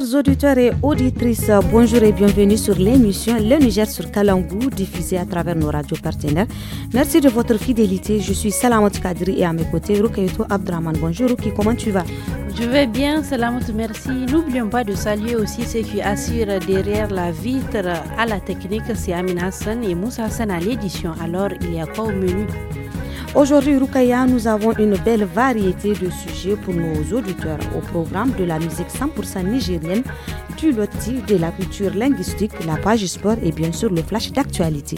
Chers auditeurs et auditrices, bonjour et bienvenue sur l'émission Le Niger sur Kalangou, diffusée à travers nos radios partenaires. Merci de votre fidélité. Je suis Salamat Kadri et à mes côtés, Rukayoto Abdraman. Bonjour Ruki, comment tu vas Je vais bien, Salamat, merci. N'oublions pas de saluer aussi ceux qui assurent derrière la vitre à la technique, c'est Amin Hassan et Moussa Hassan à l'édition. Alors, il y a quoi au menu Aujourd'hui, Rukaya, nous avons une belle variété de sujets pour nos auditeurs au programme de la musique 100% nigérienne, du loti, de la culture linguistique, la page sport et bien sûr le flash d'actualité.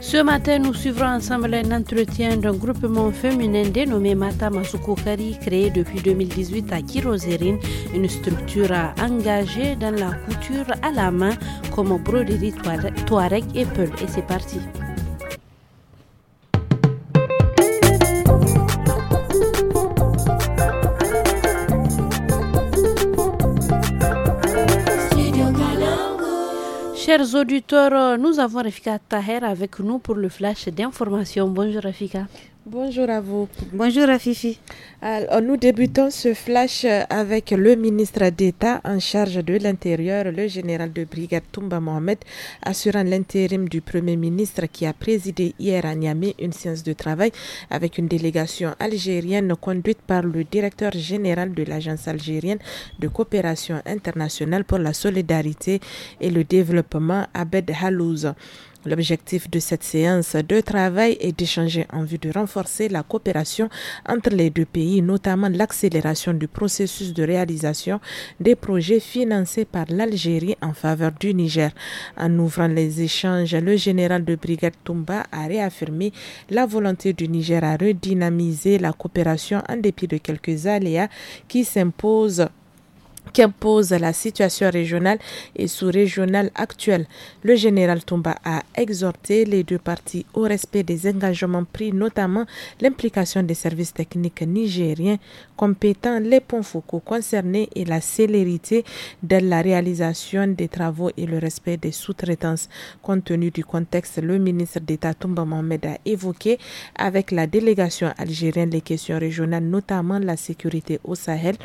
Ce matin, nous suivrons ensemble un entretien d'un groupement féminin dénommé Mata Kari, créé depuis 2018 à Kirozerine, une structure engagée dans la couture à la main comme broderie Touareg et Peul. Et c'est parti. Chers auditeurs, euh, nous avons Rafika Taher avec nous pour le flash d'information. Bonjour Rafika. Bonjour à vous. Bonjour à Fifi. nous débutons ce flash euh, avec le ministre d'État en charge de l'Intérieur, le général de brigade Toumba Mohamed, assurant l'intérim du Premier ministre qui a présidé hier à Niamey une séance de travail avec une délégation algérienne conduite par le directeur général de l'Agence algérienne de coopération internationale pour la solidarité et le développement, Abed Halouz. L'objectif de cette séance de travail est d'échanger en vue de renforcer la coopération entre les deux pays, notamment l'accélération du processus de réalisation des projets financés par l'Algérie en faveur du Niger. En ouvrant les échanges, le général de brigade Toumba a réaffirmé la volonté du Niger à redynamiser la coopération en dépit de quelques aléas qui s'imposent qu'impose la situation régionale et sous-régionale actuelle. Le général Tomba a exhorté les deux parties au respect des engagements pris, notamment l'implication des services techniques nigériens compétents, les ponts focaux concernés et la célérité de la réalisation des travaux et le respect des sous-traitances. Compte tenu du contexte, le ministre d'État Tomba Mohamed a évoqué avec la délégation algérienne les questions régionales, notamment la sécurité au Sahel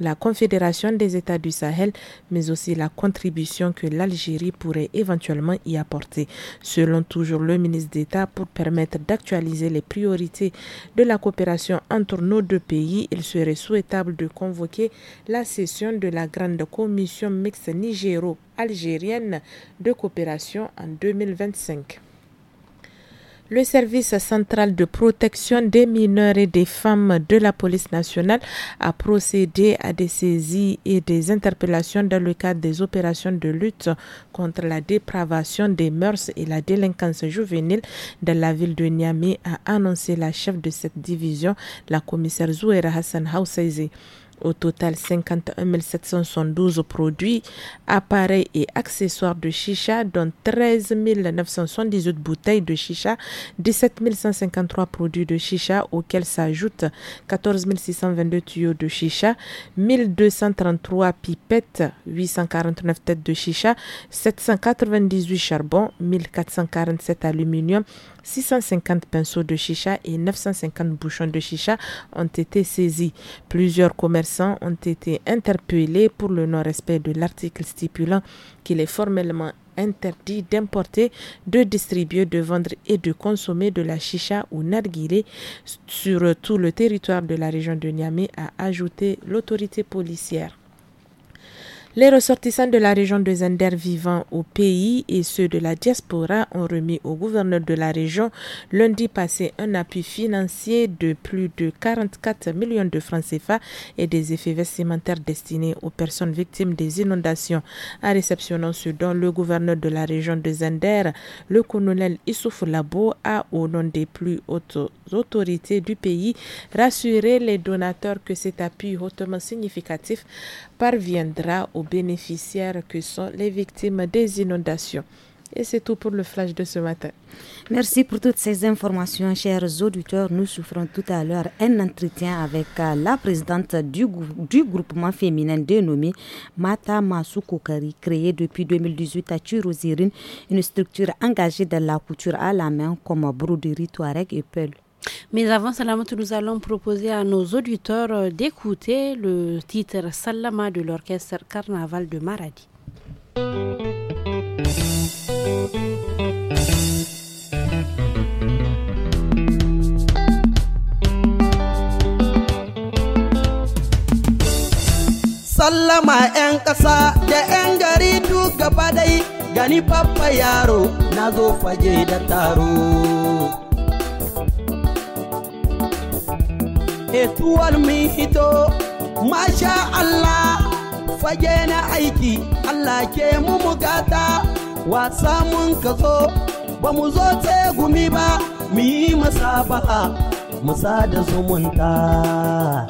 la Confédération des États du Sahel, mais aussi la contribution que l'Algérie pourrait éventuellement y apporter. Selon toujours le ministre d'État, pour permettre d'actualiser les priorités de la coopération entre nos deux pays, il serait souhaitable de convoquer la session de la Grande Commission mixte nigéro-algérienne de coopération en 2025. Le service central de protection des mineurs et des femmes de la police nationale a procédé à des saisies et des interpellations dans le cadre des opérations de lutte contre la dépravation des mœurs et la délinquance juvénile dans la ville de Niamey, a annoncé la chef de cette division, la commissaire Zouera Hassan Houssaizi. Au total, 51 772 produits, appareils et accessoires de chicha, dont 13 978 bouteilles de chicha, 17 153 produits de chicha, auxquels s'ajoutent 14 622 tuyaux de chicha, 1233 pipettes, 849 têtes de chicha, 798 charbons, 1447 aluminium, 650 pinceaux de chicha et 950 bouchons de chicha ont été saisis. Plusieurs commerçants ont été interpellés pour le non-respect de l'article stipulant qu'il est formellement interdit d'importer, de distribuer, de vendre et de consommer de la chicha ou narguilé sur tout le territoire de la région de Niamey, a ajouté l'autorité policière. Les ressortissants de la région de Zender vivant au pays et ceux de la diaspora ont remis au gouverneur de la région lundi passé un appui financier de plus de 44 millions de francs CFA et des effets vestimentaires destinés aux personnes victimes des inondations. À réceptionnant ce don, le gouverneur de la région de Zender, le colonel Issouf Labo, a, au nom des plus hautes autorités du pays, rassuré les donateurs que cet appui hautement significatif parviendra aux bénéficiaires que sont les victimes des inondations. Et c'est tout pour le flash de ce matin. Merci pour toutes ces informations, chers auditeurs. Nous souffrons tout à l'heure un entretien avec euh, la présidente du, du groupement féminin dénommé Mata Masu Kokari, créée depuis 2018 à Chirozirine, une structure engagée dans la couture à la main comme broderie, touareg et peul. Mais avant Salamatu, nous allons proposer à nos auditeurs euh, d'écouter le titre Salama de l'orchestre Carnaval de Maradi. Salama en kasa da en gani papayaro yaro na zo etuwar eh, mun masha Allah fage na aiki Allah ke mu mugata wasa mun ka zo ba mu zo gumi ba mu yi musabaha musa da zumunta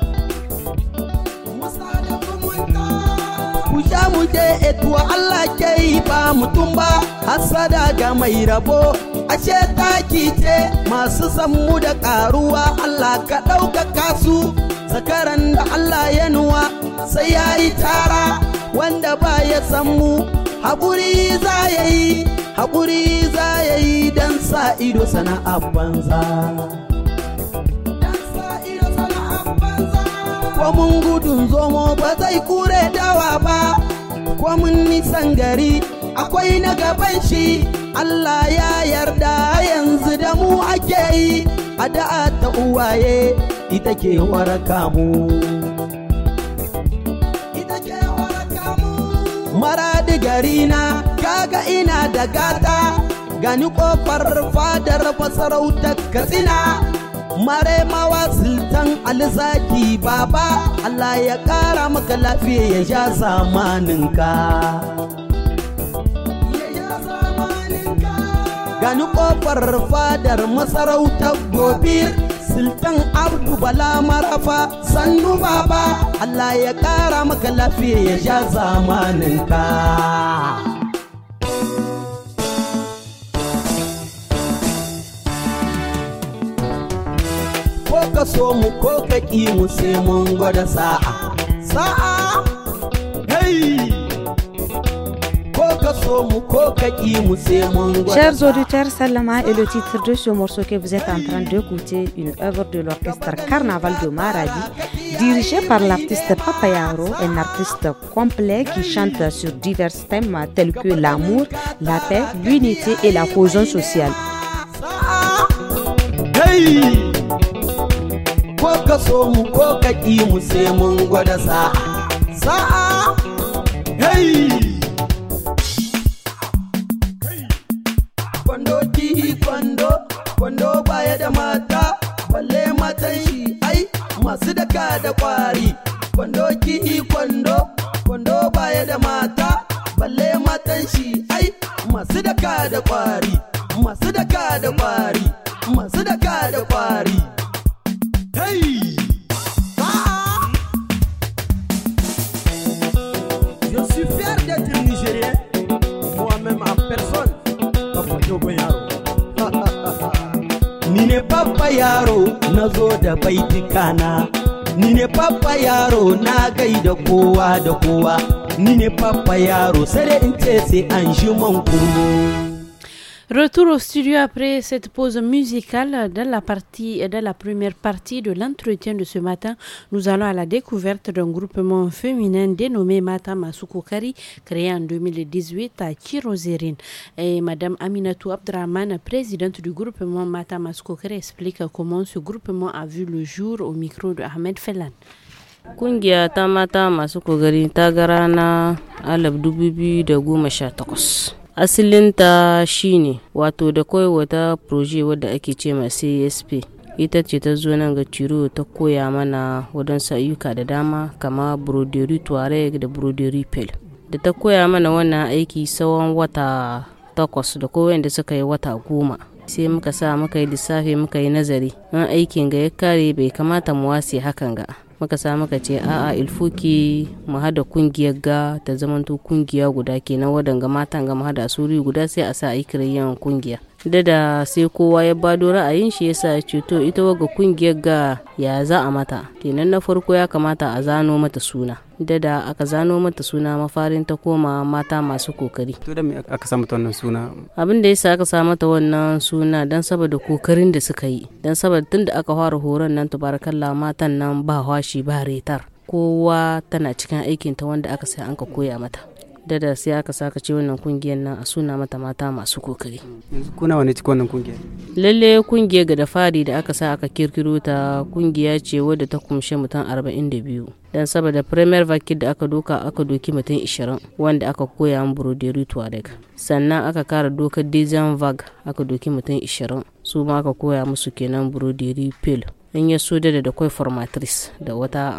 ku sha mu je etuwa eh, Allah ke yi ba mutum ba hasada ga mai rabo ashe taki ce masu sammu da karuwa Allah ka ɗaukaka su zakaran da Allah ya nuwa sai yayi tara wanda ba ya sammu haƙuri za ya yi haƙuri za ya yi don sa ido sana'a banza. ko gudun zomo ba zai kure dawa ba ko nisan gari akwai na gaban shi Allah ya yarda yanzu da mu ake yi a da'a ta uwaye ita ke waraka mu maradi gari na kaga ina da gata gani kofar fadar masarautar katsina mare mawa sultan alzaki baba Allah ya kara maka lafiya ya sha zamaninka gani kofar fadar masarautar gobir sultan abdu bala marafa sannu baba allah ya kara maka lafiya ya sha zamaninka ko ka so mu ko ka ƙi mu sai mun gwada sa'a sa'a Chers auditeurs, Salama est le titre de ce morceau que vous êtes en train d'écouter, une œuvre de l'orchestre Carnaval de Maradi, dirigée par l'artiste Papayaro, un artiste complet qui chante sur divers thèmes tels que l'amour, la paix, l'unité et la cohésion sociale. da kwari kwando kini kwando kwando baya da mata balle matan shi ai masu daka da kwari masu daka da kwari masu daka da kwari hey ah! Ni ne papa yaro, na zo da baitika na. ni ne papa yaro na gaida kowa da kowa ni ne papa yaro sai in ce sai an shi man Retour au studio après cette pause musicale dans la partie dans la première partie de l'entretien de ce matin. Nous allons à la découverte d'un groupement féminin dénommé Mata Masukukari, créé en 2018 à Kirozerine. Et Madame Aminatou Abdraman, présidente du groupement Mata Masukukari, explique comment ce groupement a vu le jour au micro de Ahmed Fellan. mata Tagarana, ta shine wato da kawai wata proje wadda ake ce ma CSP. ita ce ta zo nan ga ciro ta koya mana wadansu ayyuka da dama kama broderi tuareg da broderi pel da ta koya mana wannan aiki tsawon wata takwas da kowayen da suka yi wata goma sai muka sa muka yi lissafi muka yi nazari in aikin ga ya kare bai kamata mu wasi hakan ga muka sa muka ce a'a ilfuki mu hada kungiyar ga ta zamanto kungiya guda kenan wadanga matan ga mu hada su guda sai a sa a yi kungiya da da sai kowa ya bado ra'ayin shi yasa ya ce to ita waga kungiyar ga ya za a mata kenan na farko ya kamata a zano mata suna da da aka zano mata suna mafarin ta koma mata masu kokari to da me aka sa wannan suna abin da yasa aka sa mata wannan suna dan saboda kokarin da suka yi dan saboda tunda aka fara horon nan tabarakallah matan nan ba hwashi ba retar kowa tana cikin aikinta wanda aka sai an ka koya mata dada sai aka saka ce wannan kungiyar nan a suna mata mata masu kokari yanzu kuna wani cikin wannan kungiyar lalle kungiyar ga da fari da aka sa aka kirkiro ta kungiya ce wadda ta kumshe mutum arba'in da biyu. dan saboda premier vakit da aka doka aka doki mutum 20 wanda aka koya mu broderi tuareg sannan aka kara dokar dejan vag aka doki mutum 20 su ma aka koya musu kenan broderi pale in ya so da da kwai formatrice da wata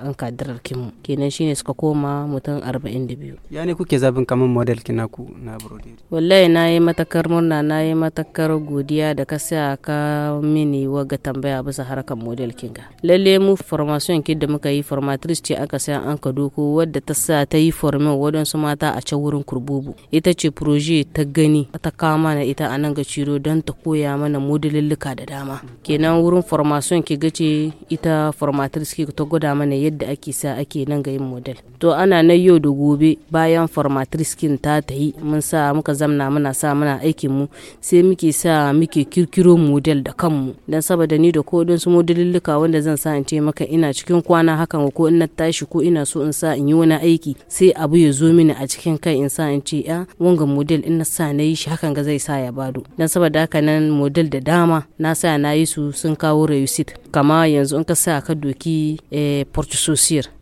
an kadirar kimu kenan shine suka koma mutum 42 ya ne kuke zabin kamar model kina ku na broderi wallahi na yi matakar murna na yi matakar godiya da ka sa ka mini waga tambaya bisa harkar model kinga lalle mu formation kin da muka yi formatrice ce aka sa an ka doko wadda ta sa ta yi formin wadansu mata a can wurin kurbubu ita ce proje ta gani ta kama na ita a nan ga ciro don ta koya mana modelillika da dama kenan wurin formation ki gace ita formatrice ki ta gwada mana yadda ake sa ake nan ga yin model to ana na yau da gobe bayan formatrice kin ta ta yi mun sa muka zamna muna sa muna aikin mu sai muke sa muke kirkiro model da kanmu dan saboda ni da kodin su modelillika wanda zan sa in ce maka ina cikin kwana hakan ko in na tashi ko ina so in sa in yi wani aiki sai abu ya zo mini a cikin kai in sa in ce ya wanga model in na sa na yi shi hakan ga zai sa ya bado dan saboda haka nan model da dama na sa na yi su sun kawo kawo reusit kama yanzu in ka sa ka doki eh,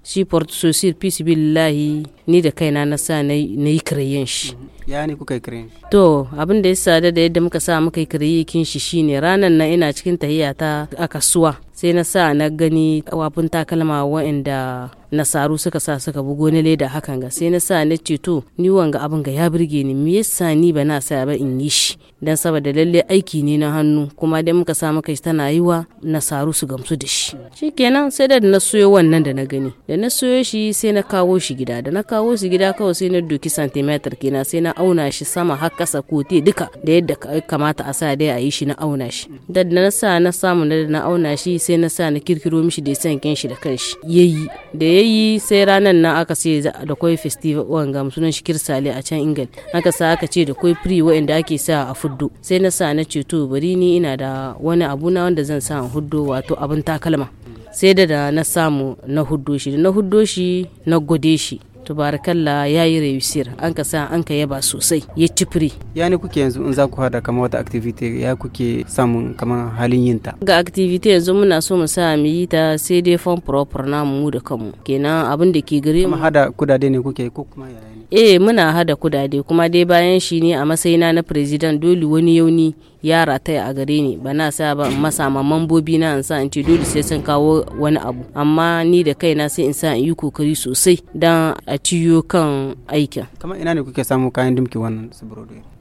shi portososir peace billahi ni da kaina na sa na yi kirayen shi mhm. ya ne kuka yi kirayen shi to abin da ya sada da yadda muka sa muka yi kirayen shi shine ranar na ina cikin tahiya ta a kasuwa sai na sa na gani wafin takalma wa'anda nasaru suka sa suka bugo na leda hakan ga sai na sa na ce to ni wanga abin ga ya burge ni me yasa ni ba na sa ba in yi shi dan saboda lalle aiki ne na hannu kuma dai muka sa yi tana yi wa nasaru su gamsu da shi shikenan sai da na suyo wannan da na gani da na soyo shi sai na kawo shi gida da na kawo shi gida kawai sai na doki santimetar kenan sai na auna shi sama har kasa kote duka da yadda kamata a sa dai a yi shi na auna shi da na sa na samu na na auna shi sai na sa na kirkiro mishi da kin shi da kanshi yayi da yayi sai ranar nan aka sai da koi festival ga sunan shi kirsale a can ingal aka sa aka ce da koi free wa'anda ake sa a fuddo sai na sa na ce to bari ni ina da wani abu na wanda zan sa a fuddo wato abin takalma sai da da na samu na huddo shi da na huddo shi na gode shi barakalla ya yi rewisir an ka sa an ka yaba sosai ya ci firi ya ne kuke yanzu in za ku hada kamar wata activity ya kuke samun kamar halin yin ta ga activity yanzu muna so mu sa mu yi ta sai dai fon proper na mu da kanmu kenan abin da ke gare mu hada kudade ne kuke ko kuma yaya ne eh muna hada kudade kuma dai bayan shi ne a matsayina na president dole wani yauni ya rataya a gare ni ba na sa ba in masa ma mambobi na in sa in ce dole sai sun kawo wani abu amma ni da kaina sai in sa in yi kokari sosai dan a ciyo kan aikin kama ina ne kuke samu kayan dimki wannan su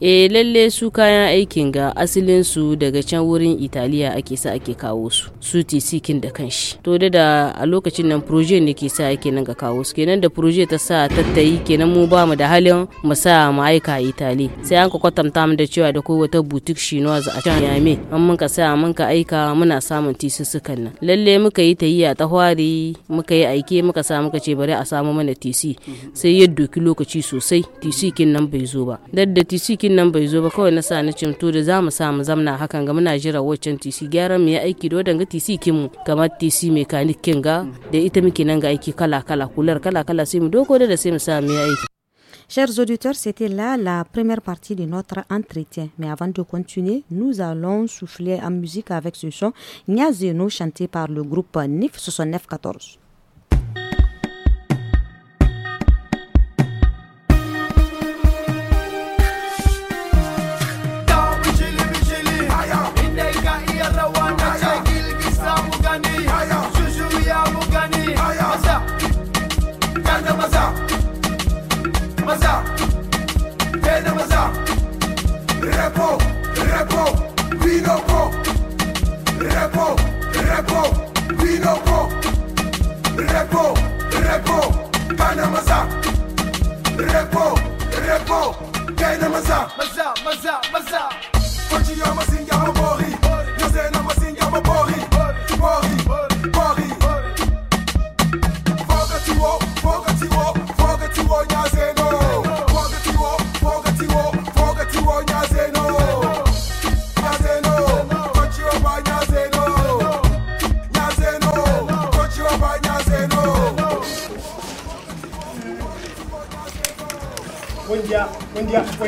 eh lalle su kayan aikin ga asalin su daga can wurin italiya ake sa ake kawo su su tisikin da kanshi to da da a lokacin nan proje ne ke sa ake nan ga kawo su kenan da proje ta sa tattayi kenan mu ba mu da halin mu sa mu aika italiya sai an kwatanta mu da cewa da ko wata butik shi wasu a can yame an muka mun muka aika muna samun tisussukan nan lalle muka yi ta yi a tahwari muka yi aike muka sa muka ce bari a samu mana tisi sai ya doki lokaci sosai kin nan bai zo ba da tisi kin nan bai zo ba kawai na sa na cimto da za mu samu zamna hakan ga muna jira waccan tisi gyaran mu ya aiki da wadanga kin mu kamar tisi mekanik kin ga da ita muke nan ga aiki kala kala kular kala kala sai mu doko da sai mu sa mu ya aiki Chers auditeurs, c'était là la première partie de notre entretien. Mais avant de continuer, nous allons souffler en musique avec ce son Niazeno chanté par le groupe NIF 6914. maza, tena maza, repo, repo, vinoko, repo, repo, vinoko, repo, repo, kana maza, repo, repo, tena maza, maza, maza, maza, kochi ya mazinga homo.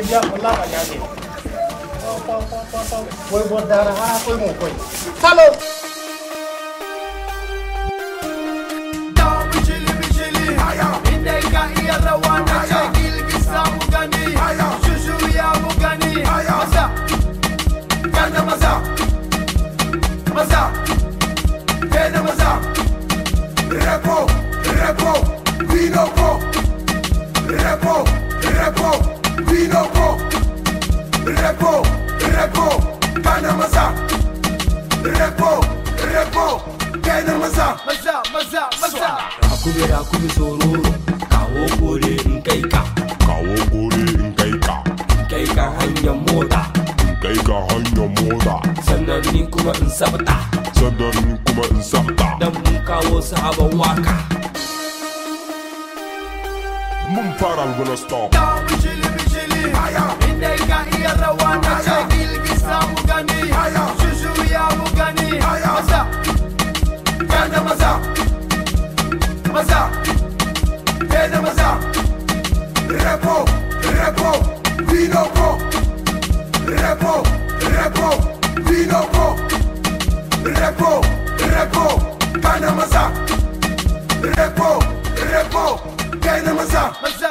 dia melama nyari. Kau kau kau kau. Kau buat darah aku mau kau. Halo. Maza, Maza.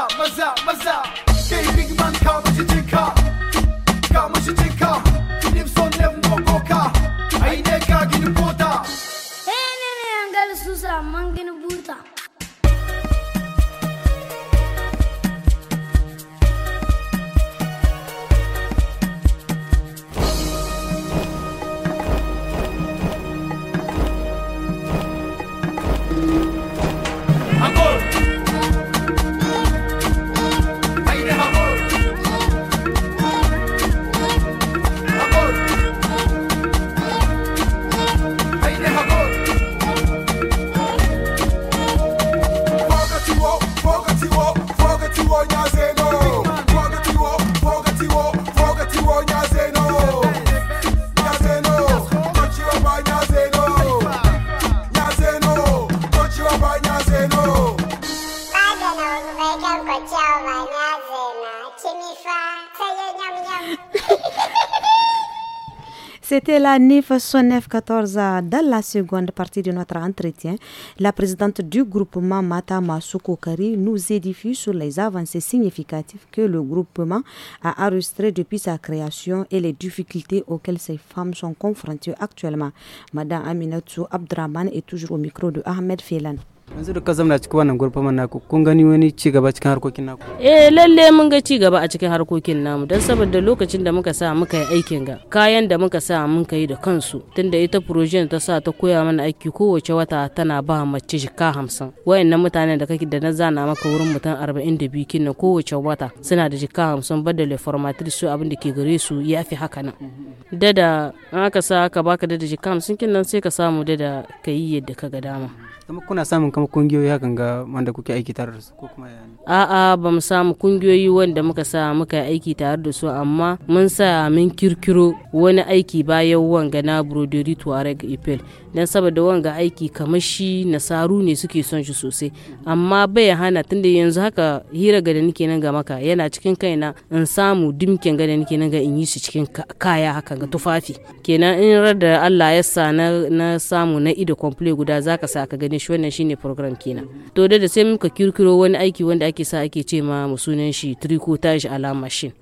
la 2014, dans la seconde partie de notre entretien, la présidente du groupement Mata Masukokari nous édifie sur les avancées significatives que le groupement a enregistrées depuis sa création et les difficultés auxquelles ces femmes sont confrontées actuellement. Madame Aminatou Abdraman est toujours au micro de Ahmed Félan. yanzu da ka zamna cikin wannan gurfaman naku kun gani wani ci gaba cikin harkokin naku eh lalle mun ga ci gaba a cikin harkokin namu don saboda lokacin da muka sa muka yi aikin ga kayan da muka sa mun kai da kansu tunda ita projen ta sa ta koya mana aiki kowace wata tana ba mace jika hamsin wayannan mutanen da kake da na zana maka wurin mutum arba'in da biyu kinna kowace wata suna da jika hamsin badda le formatir su abin da ke gare su ya fi haka nan dada an aka sa aka baka dada jika hamsin kinnan sai ka samu dada ka yi yadda ka ga dama kuma kuna samun kama kungiyoyi hakan ga wanda kuke aiki tare da su ko kuma a'a ba mu samu kungiyoyi wanda muka sa muka aiki tare da su amma mun sa mun kirkiro wani aiki bayan wanga na broderi tuareg ipel don saboda wanga aiki kamar shi nasaru ne suke son shi sosai amma bai hana tunda yanzu haka hira ga da nake nan ga maka yana cikin kaina in samu dimkin ga da nake nan ga in yi su cikin kaya haka ga tufafi kenan in da Allah ya sa na samu na ido complete guda zaka sa ka gani shi wannan shine program kenan to da sai muka kirkiro wani aiki wanda ake sa ake ce ma musunan sunan shi tricotage alama machine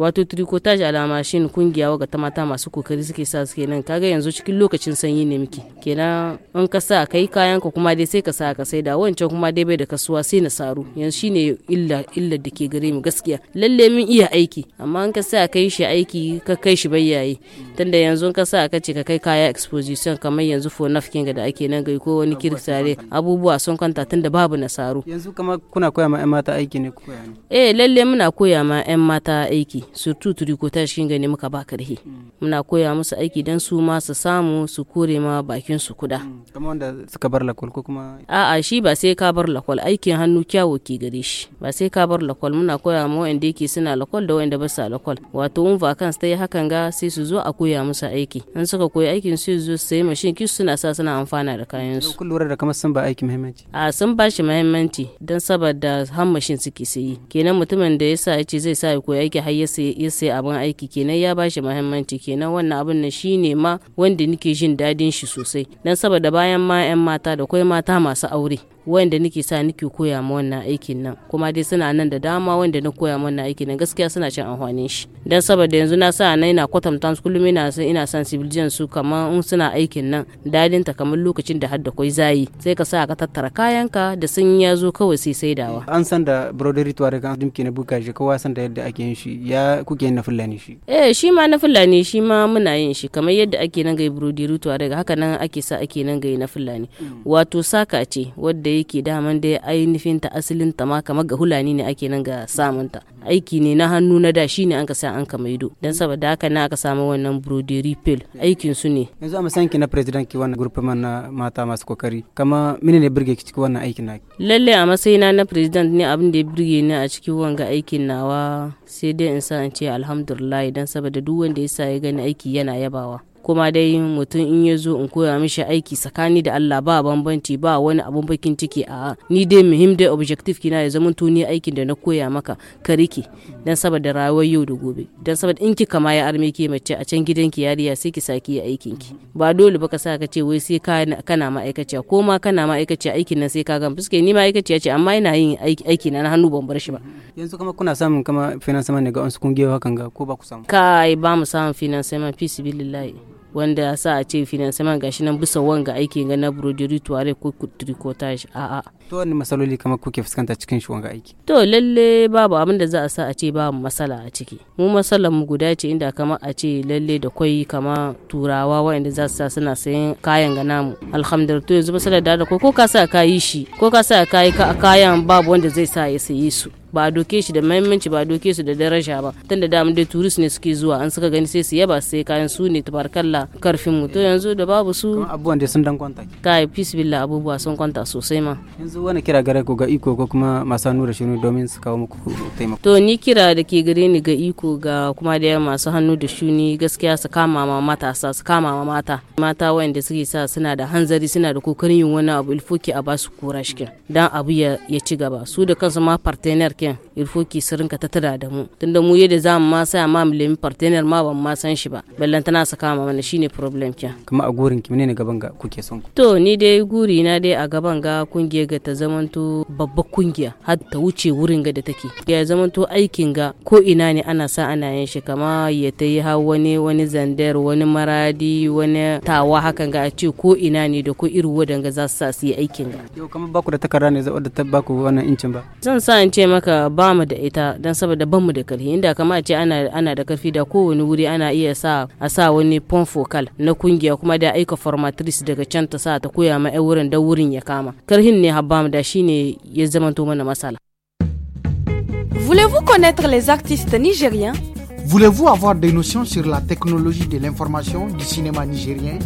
wato tricotage alama machine kungiya waga ta mata masu kokari suke sa suke nan kaga yanzu cikin lokacin sanyi ne muke kenan in ka sa kai kayan ka kuma dai sai ka sa ka saida wancan kuma dai bai da kasuwa sai na saru yanzu shine illa illa da ke gare mu gaskiya lalle mun iya aiki amma in ka sa kai shi aiki ka kai shi bayyaye tunda yanzu ka sa ka ce ka kai kaya exposition kamar yanzu fonaf nafkin da ake nan gai ko wani kirtare abubuwa sun kanta tunda babu nasaru yanzu kuma kuna koya ma 'yan mata aiki ne ku koya ne eh lalle muna koya ma 'yan mata aiki surtout turiko ta shi ne muka ba karhe hmm. muna koya musu aiki dan su ma su samu su kore ma baki bakin su kuda mm, kamar wanda suka bar lakwal ko kuma a'a shi ba sai ka bar lakwal aikin hannu kyawo ke gare shi ba sai ka bar lakwal muna koya ma wanda yake suna lakwal da wanda ba sa lakwal wato in vacance ta yi hakan ga sai su zo a koya musu aiki in suka koyi aikin su zo su sayi mashin kis suna sa suna amfana da kayan su kun lura da kamar sun ba aiki muhimmanci a sun ba shi muhimmanci don saboda han mashin suke sayi kenan mutumin da ya sa ya ce zai sa ya koyi aiki har ya sayi abin aiki kenan ya ba shi muhimmanci kenan wannan abin nan shine ma wanda nake jin dadin shi so. sosai don saboda bayan ma 'yan mata da kwai mata masu aure wanda nake sa nake koya ma wannan aikin nan kuma dai suna nan da dama wanda na koya ma wannan aikin nan gaskiya suna cin amfanin shi dan saboda yanzu na sa nan ina kwatanta su kullum ina san ina sensibilizan su kamar in suna aikin nan dadin ta kamar lokacin da hadda koi zayi sai ka sa ka tattara kayanka da sun ya zo kawai sai saidawa an san da broderi tuware kan dimke na buka shi kowa san da yadda ake yin shi ya kuke yin na fulani shi eh shi ma na fulani shi ma muna yin shi kamar yadda ake nan ga broderi tuware haka nan ake sa ake nan ga na fulani mm. wato saka ce wadda yake daman da ainihin ta asalin ta ma kamar ga hulani ne ake nan ga samun ta aiki ne na hannu na da shi ne an ka sa an ka maido dan saboda haka na aka samu wannan broderi pill aikin su ne yanzu a matsayin ki na president ki wannan gurfaman na mata masu kokari kama mine ne burge ki cikin wannan aikin naki lalle a matsayina na president ne abin da ya burge ni a cikin wanga aikin nawa sai dai in sa in ce alhamdulillah dan saboda duk wanda ya sa ya gani aiki yana yabawa kuma dai mutum in ya zo in koya mishi aiki tsakani da Allah ba bambanci ba wani abun bakin ciki a ni dai muhim dai objective kina ya zama tuni aikin da na koya maka ka rike dan saboda rayuwar yau da gobe dan saboda in ki kama ya arme ki mace a can gidanki yariya sai ki saki aikin ki ba dole ba ka sa ka ce wai sai ka kana ma'aikaciya ko ma kana ma'aikaciya aikin nan sai ka ga fuske ni ma'aikaciya ce amma ina yin aiki na hannu ban bar shi ba yanzu kuma kuna samun kama finance ne ga wasu kungiyoyi hakan ga ko ba ku samu kai ba mu samun finance man fi sibilillahi wanda sa a ce finansaman gashi nan bisa wanga aiki ga na broderi tuare ko tricotage a a to wani masaloli kamar kuke fuskanta cikin shi wanga aiki to lalle babu abin da za a sa a ce babu masala a ciki mu masalan mu guda ce inda kamar a ce lalle da kwai kama turawa waɗanda za su sa suna sayan kayan ga namu alhamdulillah to yanzu masalar da ko ka sa ka yi shi ko ka sa ka yi kayan babu wanda zai sa ya saye su ba a doke shi da mahimmanci ba a doke su da daraja ba tunda da dai turist ne suke zuwa an suka gani sai su yaba sai kayan su ne tabarkalla karfin mu to yanzu da babu su abubuwan da sun dan kwanta kai bismillah abubuwa sun kwanta sosai ma yanzu wani kira gare ku ga iko ko kuma masu hannu da shuni domin su kawo muku taimako to ni kira da ke gare ni ga iko ga kuma da masu hannu da shuni gaskiya su kama ma matasa su kama ma mata mata wayanda suke sa suna da hanzari suna da kokarin yin wani abu ilfoki a basu kura shikin dan abu ya ci gaba su da kansu ma partner africain il faut ki su rinka tattara da mu tunda mu yadda za mu ma saya ma mu lemi partner ma ban ma san shi ba tana saka kama mana shine problem kin kuma a gurin ki menene gaban ga kuke son ku to ni dai guri na dai a gaban ga kungiya ga ta zamanto babba kungiya har ta wuce wurin ga da take ya zamanto aikin ga ko ina ne ana sa ana yin shi kama ya ta yi har wani wani zandar wani maradi wani tawa hakan ga a ce ko ina ne da ko irin wadanga za su sa su yi aikin ga yau ba baku da takarda ne zaɓar da ta baku wannan incin ba zan sa in ce maka duka ba mu da ita don saboda ban mu da karfi inda kama ce ana ana da karfi da kowane wuri ana iya sa a sa wani pon focal na kungiya kuma da aika formatrice daga can ta sa ta koya ma wurin da wurin ya kama karhin ne habba mu da shine ya to mana masala Voulez-vous connaître les artistes nigériens Voulez-vous avoir des notions sur la technologie de l'information du cinéma nigérien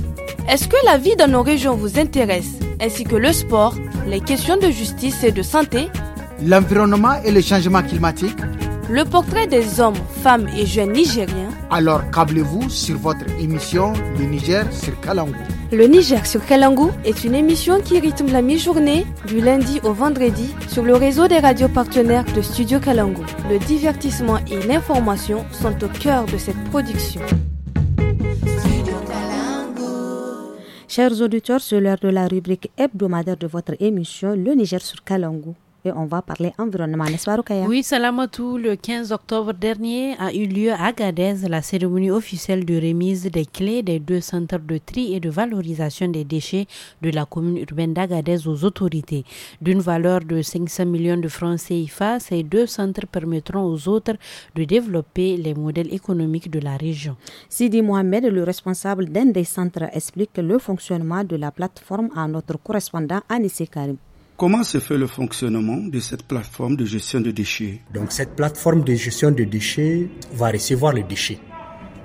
Est-ce que la vie dans nos régions vous intéresse, ainsi que le sport, les questions de justice et de santé l'environnement et le changement climatique, le portrait des hommes, femmes et jeunes nigériens. Alors câblez-vous sur votre émission Le Niger sur Kalangou. Le Niger sur Kalangou est une émission qui rythme la mi-journée du lundi au vendredi sur le réseau des radios partenaires de Studio Kalangou. Le divertissement et l'information sont au cœur de cette production. Chers auditeurs, c'est l'heure de la rubrique hebdomadaire de votre émission Le Niger sur Kalangou on va parler environnement, nest Oui, Salamatou, le 15 octobre dernier a eu lieu à Agadez la cérémonie officielle de remise des clés des deux centres de tri et de valorisation des déchets de la commune urbaine d'Agadez aux autorités. D'une valeur de 500 millions de francs CFA, ces deux centres permettront aux autres de développer les modèles économiques de la région. Sidi Mohamed, le responsable d'un des centres, explique le fonctionnement de la plateforme à notre correspondant Anissé Karim. Comment se fait le fonctionnement de cette plateforme de gestion de déchets Donc cette plateforme de gestion de déchets va recevoir les déchets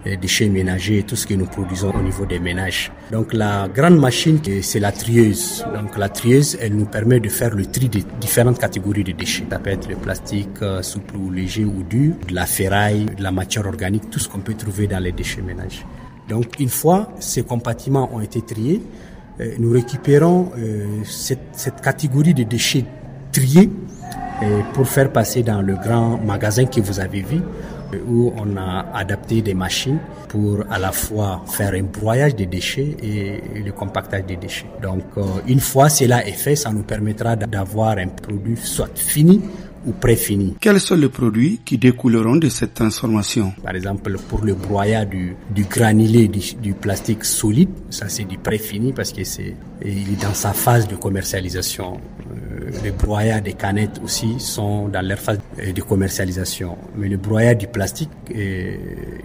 les déchets ménagers et tout ce que nous produisons au niveau des ménages. Donc la grande machine, euh, c'est la trieuse. Donc la trieuse, elle nous permet de faire le tri des différentes catégories de déchets. Ça peut être le plastique euh, souple ou léger ou dur, de la ferraille, de la matière organique, tout ce qu'on peut trouver dans les déchets ménagers. Donc une fois ces compartiments ont été triés, euh, nous récupérons euh, cette, cette, catégorie de déchets triés euh, pour faire passer dans le grand magasin que vous avez vu où on a adapté des machines pour à la fois faire un broyage des déchets et le compactage des déchets. Donc une fois cela est fait, ça nous permettra d'avoir un produit soit fini ou préfini. Quels sont les produits qui découleront de cette transformation Par exemple, pour le broyat du, du granulé du, du, plastique solide, ça c'est du préfini parce que c'est il est dans sa phase de commercialisation euh, les broyats des canettes aussi sont dans leur phase de commercialisation. Mais le broyat du plastique, euh,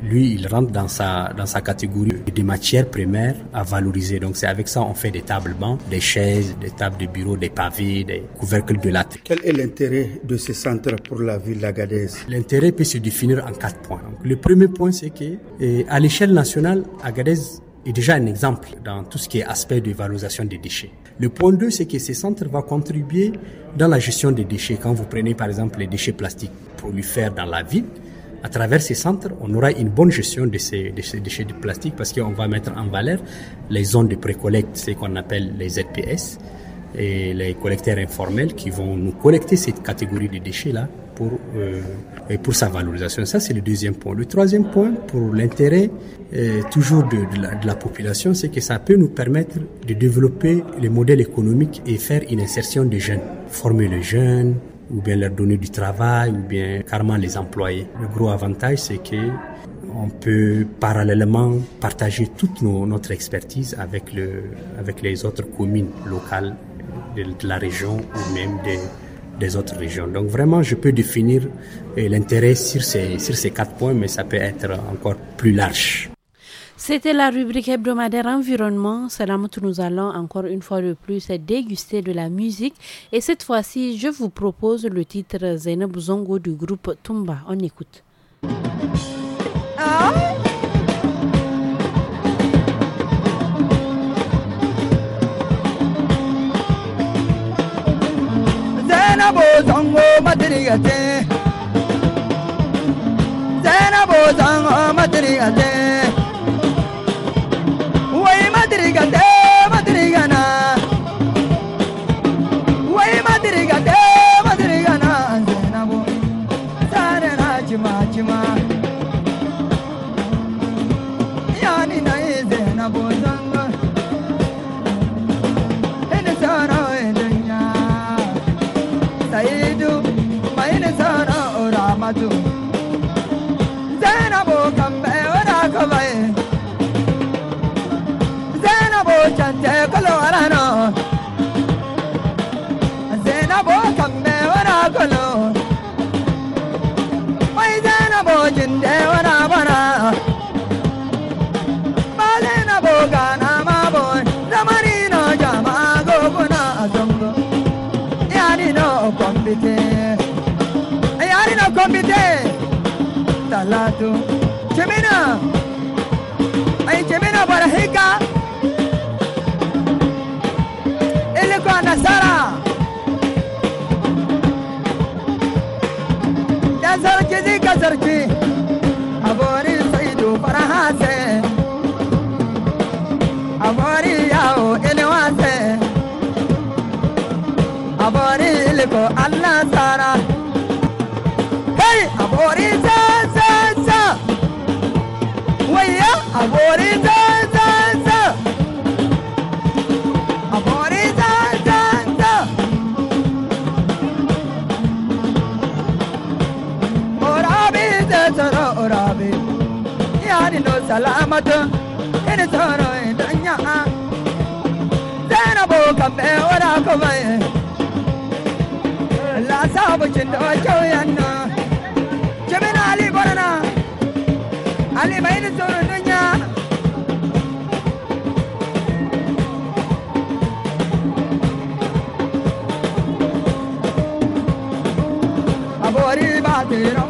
lui, il rentre dans sa, catégorie des matières primaires à valoriser. Donc c'est avec ça on fait des tables bancs, des chaises, des tables de bureau, des pavés, des couvercles de latte. Quel est l'intérêt de ce centre pour la ville d'Agadez L'intérêt peut se définir en quatre points. le premier point, c'est que euh, à l'échelle nationale, Agadez est déjà un exemple dans tout ce qui est aspect de valorisation des déchets. Le point 2, c'est que ces centres va contribuer dans la gestion des déchets. Quand vous prenez par exemple les déchets plastiques faire dans la ville, à travers ces centres, on aura une bonne gestion de ces, déchets de plastique parce qu'on va mettre en valeur les zones de précollecte, ce qu'on appelle les ZPS, et les collecteurs informels qui vont nous collecter cette catégorie de déchets-là pour, euh, et pour sa valorisation. Ça, c'est le deuxième point. Le troisième point, pour l'intérêt euh, toujours de, la, population, c'est que ça peut nous permettre de développer les modèles économiques et faire une insertion des jeunes, former les jeunes ou bien leur donner du travail, ou bien carrément les employer. Le gros avantage, c'est que on peut parallèlement partager toute notre expertise avec, le, avec les autres communes locales de la région ou même des, des autres régions. Donc vraiment, je peux définir euh, l'intérêt sur ces, quatre points, mais ça peut être encore plus large. C'était la rubrique hebdomadaire environnement. Salam, nous allons encore une fois de plus déguster de la musique. Et cette fois-ci, je vous propose le titre Zainab Zongo du groupe Tumba. On écoute. Ah. zainabo zango madirigate zainabo zango madirigate Exato. Chemina! Aí, Chemina, para rica! Ele com a Nazara! Nazara, que dica, Zarqui? salamatu ini tsoro idanya zainabu kambe wada kuma la sabu cindo kyauyanna jimina ali barana ali mai ni tsoro dunya abori ba tero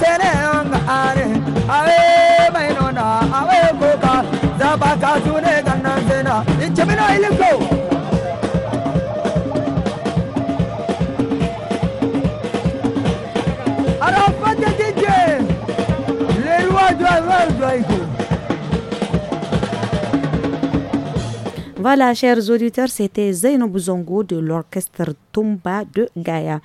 seneng are na awe mainona awe koka zabaka sune kannan sena ichimino iliko ara fate dije le roi do aval do Voilà, chers auditeurs, c'était Zaino Bouzongo de l'orchestre Tomba de Gaïa.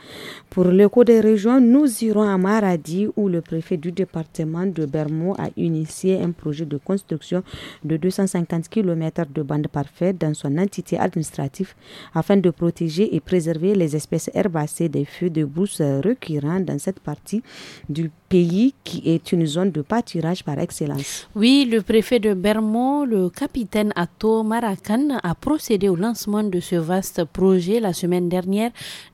Pour le l'écho des régions, nous irons à Maradi où le préfet du département de Bermo a initié un projet de construction de 250 km de bande parfaite dans son entité administrative afin de protéger et préserver les espèces herbacées des feux de brousse récurrents dans cette partie du pays qui est une zone de pâturage par excellence. Oui, le préfet de Bermo, le capitaine Ato Marakan, a procédé au lancement de ce vaste projet la semaine dernière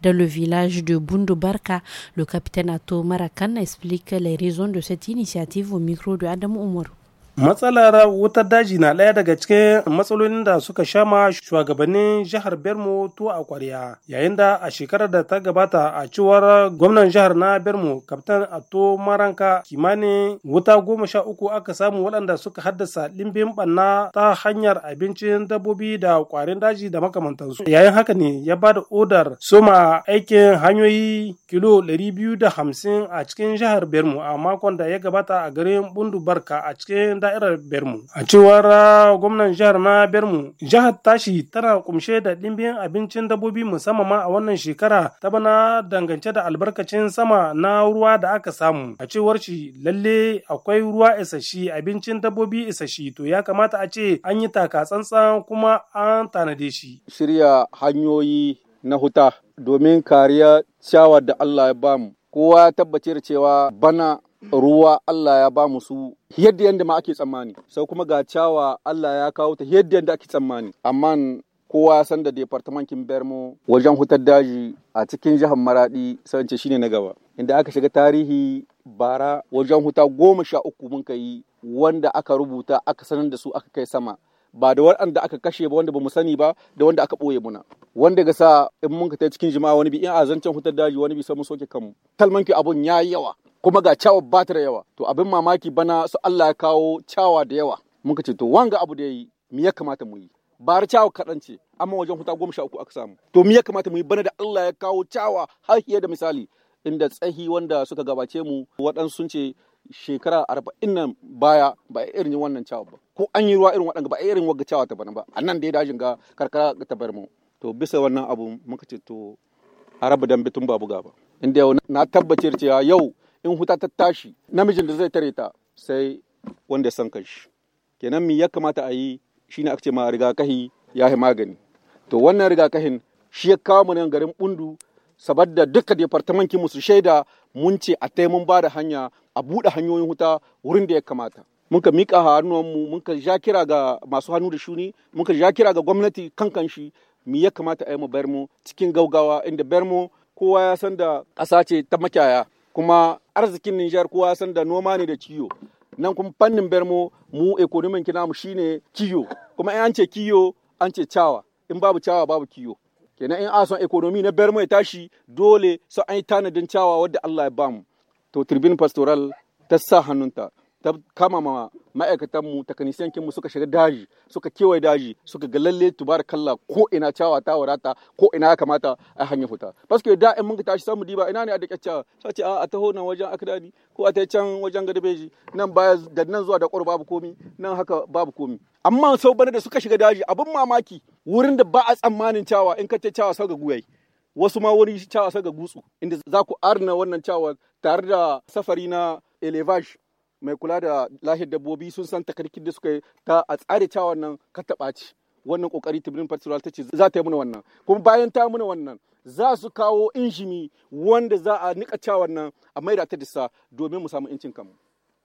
dans le village de Bundubarka. Le capitaine Ato Marakan explique les raisons de cette initiative au micro de Adam Oumarou. matsalar wutar daji na ɗaya daga cikin matsalolin da suka shama shugabannin jihar bermo to a kwarya yayin da a shekarar da ta gabata a cewar gwamnan jihar na bermo kaftan ato maranka kimanin wuta goma sha uku aka samu waɗanda suka haddasa limbin ɓanna ta hanyar abincin dabbobi da kwarin daji da makamantansu yayin haka ne ya ba da odar soma aikin hanyoyi kilo ɗari biyu da hamsin a cikin jihar bermo a makon da ya gabata a garin bundu barka a cikin da'irar Bermu. A cewar ah, gwamnan jihar na Bermu, jihar tashi tana kumshe da ɗimbin abincin dabbobi musamman ma a wannan shekara ta bana dangance da albarkacin sama na ruwa da aka samu. A cewar shi lalle akwai ruwa isashi abincin dabbobi isashi to ya kamata a ce an yi taka tsantsan kuma an tanade shi. Shirya hanyoyi na huta domin kariya ciyawar da Allah ya bamu. Kowa ya tabbatar cewa bana ruwa Allah ya ba mu su yadda yadda ma ake tsammani sau kuma ga cawa Allah ya kawo ta yadda yadda ake tsammani amma kowa ya san da kin Bermo wajen hutar daji a cikin jihar Maradi sanci shine na gaba inda aka shiga tarihi bara wajen huta goma sha uku mun kai wanda aka rubuta aka sanar da su aka kai sama ba da wanda aka kashe ba wanda ba mu sani ba da wanda aka ɓoye muna wanda ga sa in mun ka ta cikin jima'a wani bi in a zancen hutar daji wani bi sai mu soke kanmu talmanki abun yayi yawa kuma ga cawar ba ta da yawa to abin mamaki bana su Allah ya kawo cawa da yawa muka ce to wanga abu da yayi me ya kamata mu yi har cawa kaɗan ce amma wajen huta goma sha uku aka samu to me ya kamata mu yi bana da Allah ya kawo cawa har da misali inda tsahi wanda suka gabace mu waɗansu sun ce shekara arba'in nan baya ba irin wannan cawa ba ko an yi ruwa irin waɗanda ba irin wagga cawa ta bana ba a nan da ya dajin ga karkara ta bar mu to bisa wannan abu muka ce to a raba dambe tun ba buga ba inda yau na tabbacin cewa yau in huta ta tashi namijin da zai tare ta sai wanda ya san kanshi kenan me ya kamata a yi shine aka ce ma rigakahi ya yi magani to wannan rigakahin shi ya kawo mu nan garin bundu saboda duka departamentin mu su shaida mun ce a tai mun bada hanya a bude hanyoyin huta wurin da ya kamata mun ka mika mu mun ka ja kira ga masu hannu da shuni mun ka ja kira ga gwamnati kankan shi me ya kamata a yi mu bayar mu cikin gaugawa inda bayar mu kowa ya san da ƙasa ce ta makiyaya kuma arzikin Nijar kowa san da noma ne da kiyo nan kuma fannin Bermo mu ekonomin kina mu shine kiyo kuma in an ce kiyo an ce cawa in babu cawa babu kiyo kenan in ason ekonomi na Bermo ya tashi dole sai an yi tanadin cawa wadda Allah ya bamu to tribune pastoral ta sa hannunta ta kama ma ma'aikatan mu takanisiyankin mu suka shiga daji suka kewaye daji suka ga lalle kalla ko ina cawa ta wadata ko ina ya kamata a hanyar fita que da in mun ka tashi samu diba ina ne a da kyacca sace a taho nan wajen akdani ko a ta can wajen garbeji nan baya da nan zuwa da kwar babu komi nan haka babu komi amma sau bane da suka shiga daji abin mamaki wurin da ba a tsammanin cawa in ka ta cawa sau ga guyai wasu ma wuri cawa sau ga gutsu inda za ku arna wannan cawa tare da safari na elevage mai kula da lahiyar dabbobi sun san takarkin da suka yi ta a tsare ta wannan ka taɓa ci wannan kokari tibirin pastoral ta ce za ta yi mana wannan kuma bayan ta mana wannan za su kawo injimi wanda za a nika ta wannan a da ta disa domin mu samu incin kanmu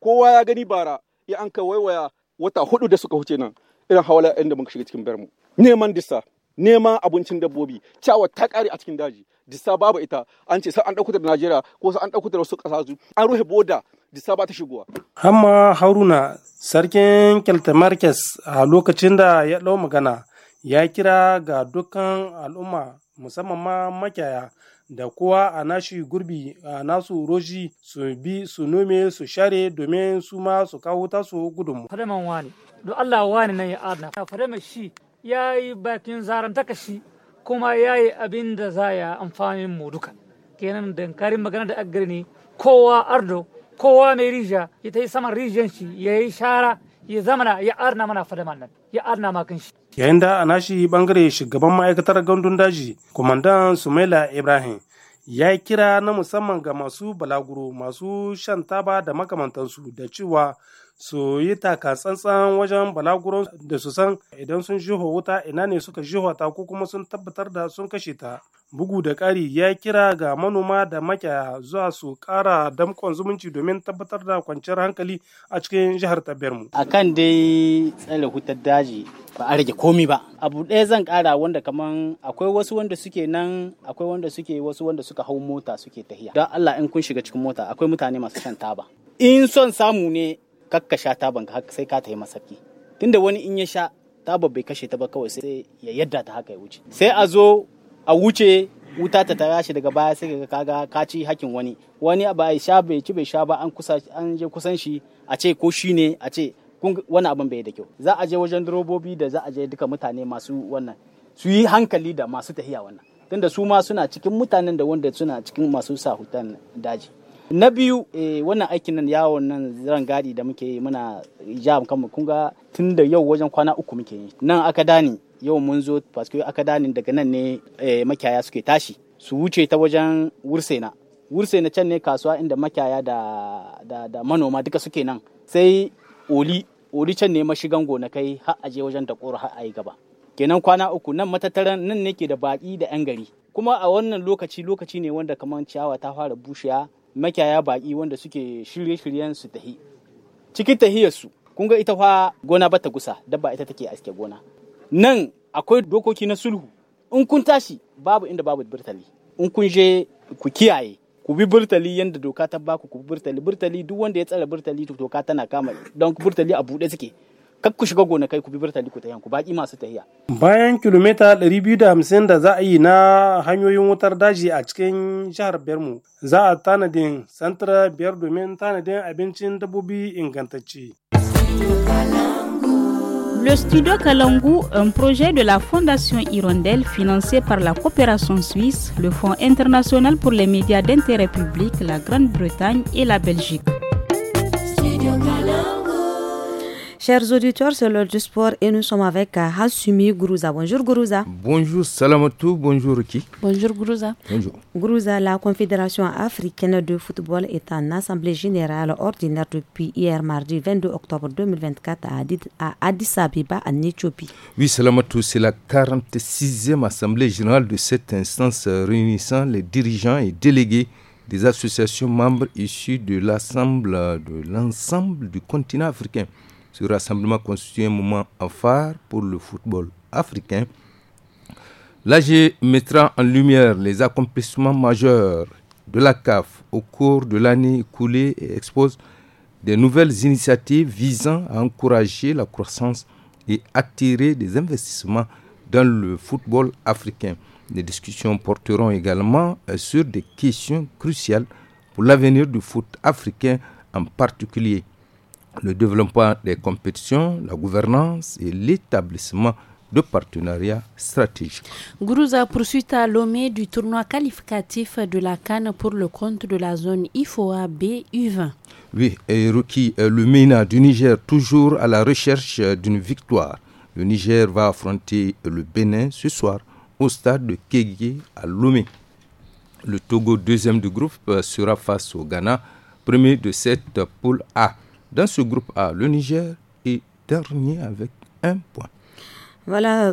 kowa ya gani bara ya an ka waiwaya wata hudu da suka huce nan irin hawala inda muka shiga cikin bermu neman disa neman abincin dabbobi ciyawa ta kare a cikin daji disa babu ita an ce sai an dauko ta da Najeriya ko sai an dauko ta da wasu ƙasa an ruhe boda disa ba ta shigowa. Hamma Haruna sarkin Kelta Marques a lokacin da ya ɗau magana ya kira ga dukkan al'umma musamman ma makiyaya da kowa a nashi gurbi a nasu roji su bi su nome su share domin su ma su kawo tasu gudunmu. Fadaman wani, don Allah wani nan ya adana. Fadaman shi ya yi bakin zaran takashi kuma ya yi abin da za ya amfani mu duka. Kenan dankarin magana da kowa ardo kowa mai rija ya ta yi saman rijiyar shi ya yi shara ya zamana ya arna mana fadaman nan ya arna makin shi. yayin da a nashi bangare shugaban ma'aikatar gandun daji kwamandan sumaila ibrahim ya yi kira na musamman ga masu balaguro masu shan taba da makamantansu da cewa su yi taka tsantsan wajen balaguron da su san idan sun jiho wuta ina ne suka ta ko kuma sun tabbatar da sun kashe ta bugu da ƙari ya kira ga manoma da makiyaya zuwa su ƙara damƙon zumunci domin tabbatar da kwanciyar hankali a cikin jihar A kan dai tsare hutar daji ba a rage komi ba abu ɗaya zan ƙara wanda kaman akwai wasu wanda suke nan akwai wanda suke wasu wanda suka hau mota suke tahiya don allah in kun shiga cikin mota akwai mutane masu shan taba in son samu ne kakka sha taban ka sai ka ta yi masaki tunda wani in ya sha taba bai kashe ta ba kawai sai ya yadda ta haka ya wuce sai a zo a wuce wuta ta tara shi daga baya sai ka kaga ka ci hakin wani wani ba ya sha bai ci bai sha ba an kusa an je kusan shi a ce ko shi ne a ce kun wani abin bai da kyau za a je wajen durobobi da za a je duka mutane masu wannan su yi hankali da masu tahiya wannan tunda su ma suna cikin mutanen da wanda suna cikin masu sahutan daji na biyu eh, wannan aikin nan yawon nan ran gadi da muke yi muna ja kanmu kun ga tun da yau wajen kwana uku muke yi nan aka dani yau mun zo fasikoyi aka dani daga nan ne eh, makiyaya suke tashi su wuce ta wajen wursena wursena can ne kasuwa inda makiyaya da, manoma duka suke nan sai oli oli can ne mashigan gonakai har aje wajen da koro har ayi gaba kenan kwana uku nan matattaran nan ne ke da baki da 'yan gari kuma a wannan lokaci lokaci ne wanda kamar ciyawa ta fara bushiya makiyaya baƙi wanda suke shirye-shiryen su tahi cikin tahiyar su kun ga ita fa gona bata gusa dabba ita take aske gona nan akwai dokoki na sulhu in kun tashi babu inda babu birtali in kun je ku kiyaye ku bi burtali yadda doka ta baku ku bi burtali burtali duk wanda ya tsara burtali to doka tana kama don burtali a buɗe suke kak ku shiga kai ku bi birtali ku ta yanku baki masu tahiya bayan kilomita 250 da za a yi na hanyoyin wutar daji a cikin jihar Bermu za a tanadin santra biyar domin tanadin abincin dabbobi ingantacce Le studio Kalangu, un projet de la Fondation Hirondelle financé par la coopération suisse, le Fonds international pour les médias d'intérêt public, la Grande-Bretagne et la Belgique. Studio Chers auditeurs, c'est l'heure du sport et nous sommes avec euh, Hassumi Gourouza. Bonjour Gourouza. Bonjour Salamatou, bonjour Ruki. Bonjour Gourouza. Bonjour. Gourouza, la Confédération africaine de football est en assemblée générale ordinaire depuis hier mardi 22 octobre 2024 à Addis Abeba en Éthiopie. Oui Salamatou, c'est la 46e assemblée générale de cette instance euh, réunissant les dirigeants et délégués des associations membres issues de euh, l'ensemble du continent africain. Ce rassemblement constitue un moment en phare pour le football africain. L'AG mettra en lumière les accomplissements majeurs de la CAF au cours de l'année écoulée et expose des nouvelles initiatives visant à encourager la croissance et attirer des investissements dans le football africain. Les discussions porteront également euh, sur des questions cruciales pour l'avenir du foot africain en particulier le développement des compétitions, la gouvernance et l'établissement de partenariats stratégiques. Gourouza poursuit à Lomé du tournoi qualificatif de la Cannes pour le compte de la zone IFOA B U20. Oui, et Ruki, euh, le MENA du Niger toujours à la recherche d'une victoire. Le Niger va affronter le Bénin ce soir au stade de Kégué à Lomé. Le Togo, deuxième du groupe, euh, sera face au Ghana, premier de cette poule A. Dans ce groupe A, le Niger est dernier avec un point. Voilà,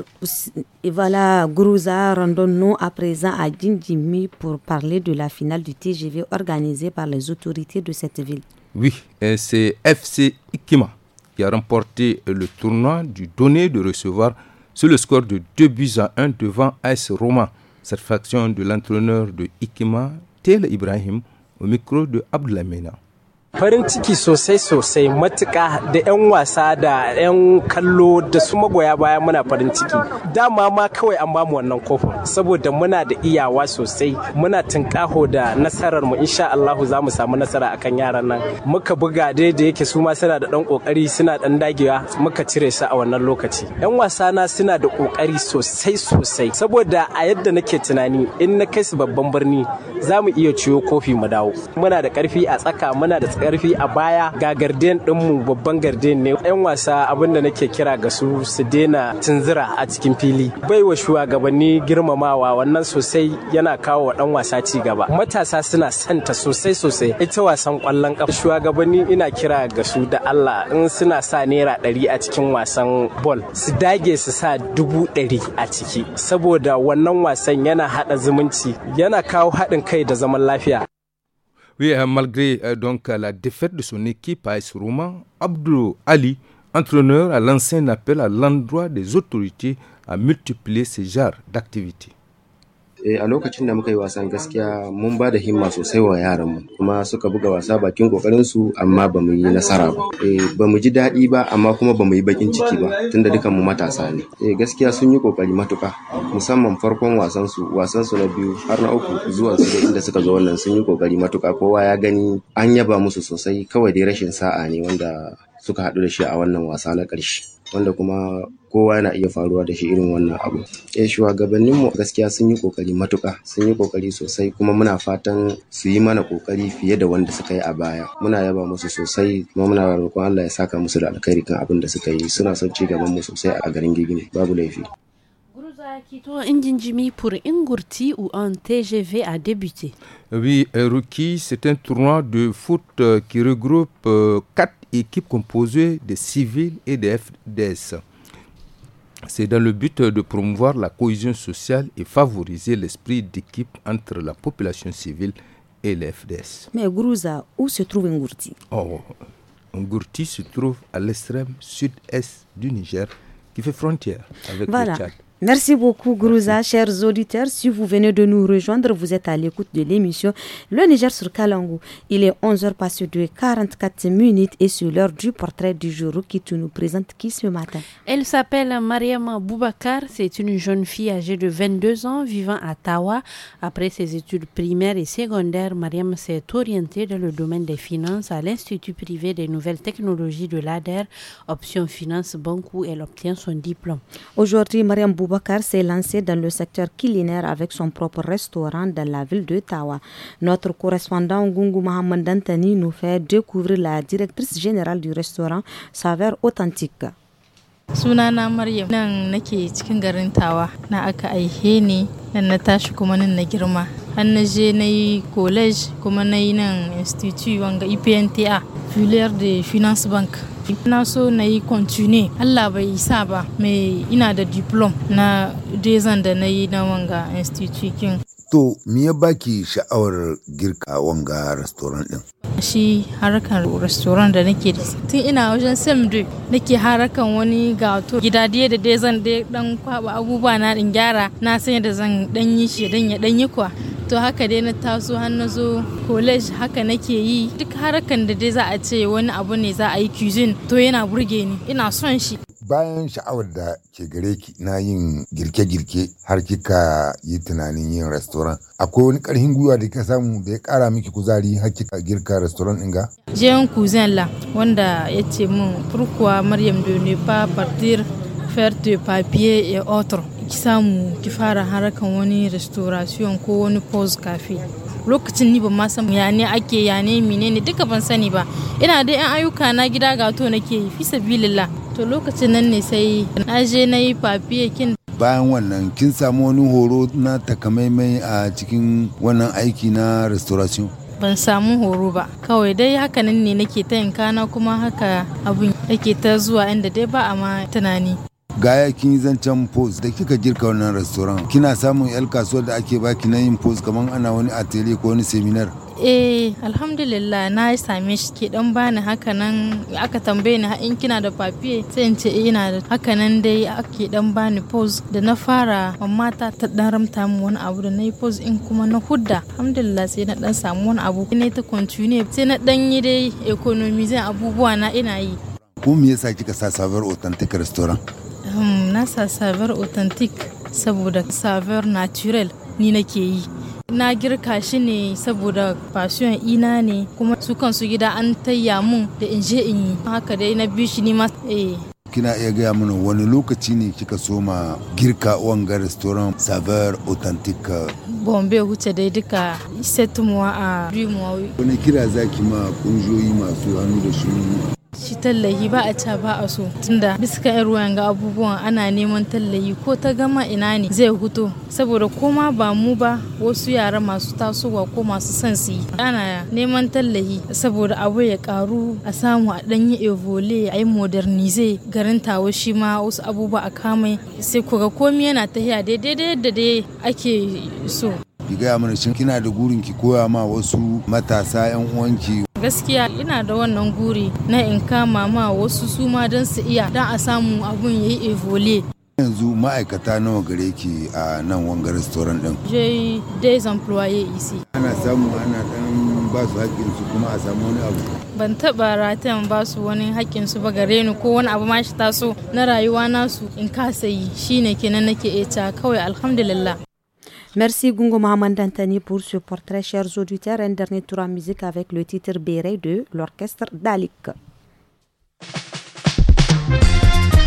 et voilà, Grouza, rendons-nous à présent à Dindimi pour parler de la finale du TGV organisée par les autorités de cette ville. Oui, c'est FC Ikima qui a remporté le tournoi du donné de recevoir sur le score de 2 buts à 1 devant AS Roma. faction de l'entraîneur de Ikima, Tel Ibrahim, au micro de Abdullah farin ciki sosai sosai matuka da 'yan wasa da 'yan kallo da su magoya baya muna farin ciki dama ma kawai an bamu wannan kofin saboda muna da iyawa sosai muna tunkaho da nasarar mu insha Allah za mu samu nasara akan yaran nan muka buga dai da yake su ma suna da dan kokari suna dan dagewa muka cire su a wannan lokaci 'yan wasa na suna da kokari sosai sosai saboda a yadda nake tunani in na kai su babban birni za mu iya ciyo kofi mu dawo muna da karfi a tsaka muna da karfi a baya ga garden dinmu babban garden ne yan wasa abin nake kira ga su su daina tunzura a cikin fili bai wa shugabanni girmamawa wannan sosai yana kawo wa dan wasa ci gaba matasa suna santa sosai sosai ita wasan kwallon kafa shugabanni ina kira ga su da Allah in suna sa naira ɗari a cikin wasan ball su dage su sa dubu ɗari a ciki saboda wannan wasan yana haɗa zumunci yana kawo haɗin kai da zaman lafiya Oui, euh, malgré euh, donc la défaite de son équipe à Esrouma, Abdou Ali, entraîneur, a lancé un appel à l'endroit des autorités à multiplier ces genres d'activités. Eh, a lokacin da muka yi wasan gaskiya mun ba da himma sosai wa yaran mu kuma suka buga wasa bakin su amma ba mu yi nasara ba. Eh, ba mu ji daɗi ba amma kuma ba mu yi bakin ciki ba tunda dukan mu matasa ne. Eh, gaskiya sun yi kokari matuka musamman farkon wasan su wasan su na biyu har na uku zuwa su da inda suka zo wannan sun yi ƙoƙari matuka kowa ya gani an yaba musu sosai kawai dai rashin sa'a ne wanda suka haɗu da shi a wannan wasa na ƙarshe. wanda kuma kowa yana iya faruwa da shi irin wannan abu. Eh shugabannin mu gaskiya sun yi kokari matuka, sun yi kokari sosai kuma muna fatan su yi mana kokari fiye da wanda suka yi a baya. Muna yaba musu sosai kuma muna roƙon Allah ya saka musu da alkhairi kan abin da suka yi. Suna son ci gaban mu sosai a garin Gigini, babu laifi. injin jimi pour ingurti ou un TGV a débuté. Oui, Ruki, c'est un tournoi de foot euh, qui regroupe euh, quatre équipe composée de civils et des FDS. C'est dans le but de promouvoir la cohésion sociale et favoriser l'esprit d'équipe entre la population civile et les FDS. Mais Grouza, où se trouve Ngourti oh, Ngourti se trouve à l'extrême sud-est du Niger qui fait frontière avec le Tchad. Merci beaucoup, Grouza. Chers auditeurs, si vous venez de nous rejoindre, vous êtes à l'écoute de l'émission Le Niger sur Kalangou. Il est 11h passé de 44 minutes et c'est l'heure du portrait du jour qui tu nous présente qui ce matin. Elle s'appelle Mariam Boubacar. C'est une jeune fille âgée de 22 ans vivant à Tawa. Après ses études primaires et secondaires, Mariam s'est orientée dans le domaine des finances à l'Institut privé des nouvelles technologies de l'ADER, option finance banque où elle obtient son diplôme. Aujourd'hui, Mariam Boubacar Wakar s'est lancé dans le secteur culinaire avec son propre restaurant dans la ville de Tawa. Notre correspondant Gungu Mohamed Dantani nous fait découvrir la directrice générale du restaurant Saveur Authentique. sunana maryam nan nake cikin garin tawa na aka aihe ni nan na tashi kuma nan na girma har na je na yi college kuma na yi nan institut wanga ipnta filière de finance bank na so na yi continue allah bai sa ba mai ina da diplom na dezan da na yi na wanga institute To, me ya baki sha'awar girka wanga restaurant din? Shi harkar restaurant da nake da tun ina wajen Semdu nake harakan wani gato gida da dai zan dan kwaba abubuwa na din gyara na san da zan dan yi shi dan ya dan yi kwa. to haka dai na taso har na zo college haka nake yi duk harakan da dai za a ce wani abu ne za a yi cuisine to yana burge ni ina son shi bayan sha'awar da ke gare ki na yin girke-girke har kika yi tunanin yin restaurant akwai wani karhin gwiwa da ka samu da ya kara miki kuzari har kika girka restaurant din ga jean cousin la wanda ya ce min furkuwa maryam de ne fa partir faire de papier et autres ki samu ki fara harakan wani restoration ko wani post cafe lokacin ni ban ma san ya ne ake ya ne ne duka ban sani ba ina da yan ayyuka na gida gato nake yi fi sabilillah to lokacin nan ne sai na je na yi papiye kin bayan wannan kin samu wani horo na takamaimai a cikin wannan aiki na restoration ban samu horo ba kawai dai haka nan ne nake ta yin kana kuma haka abun yake ta zuwa inda dai ba a ma tunani gaya kin yi zancen post da kika girka wannan restoran kina samun yan kasuwar da ake baki na yin post kamar ana wani atelier ko wani seminar eh alhamdulillah na same shi ke dan bani hakanan aka tambaye ni in kina da papiye sai in ce eh, ina da hakanan dai ake dan bani post da na fara amma ta ta dan ramta min wani abu da na yi post in kuma na hudda alhamdulillah sai na dan samu wani abu ne ta continue sai na dan yi dai economy zan abubuwa na ina yi ko me yasa kika sa sabar authentic restaurant Hmm, na sa savar authentic saboda savar natural ni nake yi na girka shi ne saboda fashion ina ne kuma su kansu gida an tayya mun da in je in yi haka dai na bi shi ni ma eh kina iya gaya mana wani lokaci ne kika soma girka wanga restaurant savar authentic bombe huce dai duka set a rimuwa wani kira zaki ma kunjoyi masu hannu da shi shi tallahi ba a ca ba a so tunda bisa yan ruwan ga abubuwan ana neman tallahi ko ta gama ina ne zai huto saboda koma ba mu ba wasu yara masu tasowa ko masu son su yi ana neman tallahi saboda abu ya karu a samu a dan yi evole a yi modernize garin tawo shi ma wasu abubuwa a kame sai kuga komi yana tahiya daidai yadda dai ake so ki gaya mana shin kina da gurin ki koya ma wasu matasa 'yan uwanki gaskiya ina da wannan guri na in kama ma wasu suma don su iya don a samu abun ya yi evole yanzu ma'aikata nawa gare ki a nan wanga restaurant din je days employee isi ana samu ana dan ba su hakkin su kuma a samu wani abu ban taba ratan ba su wani hakkin su ba gare ni ko wani abu ma shi taso na rayuwa nasu in kasa yi shine kenan nake eta kawai alhamdulillah Merci Gungo Mohamed Dantani pour ce portrait, chers auditeurs. Un dernier tour en musique avec le titre Béré de l'orchestre Dalik.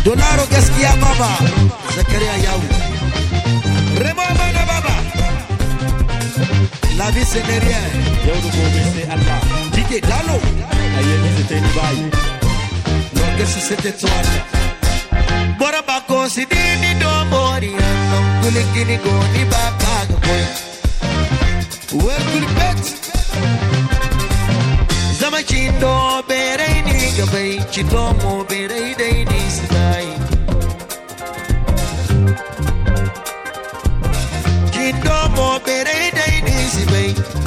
Donaro a baba zakariya yawo rebo mana baba la vie c'est derrière yau da gobe c'est Allah dike dalo aye ni c'était ni bai l'orchestre c'était toi bora ba ko si dini do boria ni go ni baba we ci do berai ni gabai ci to mu berai ni sai Ci do mu berai dai ni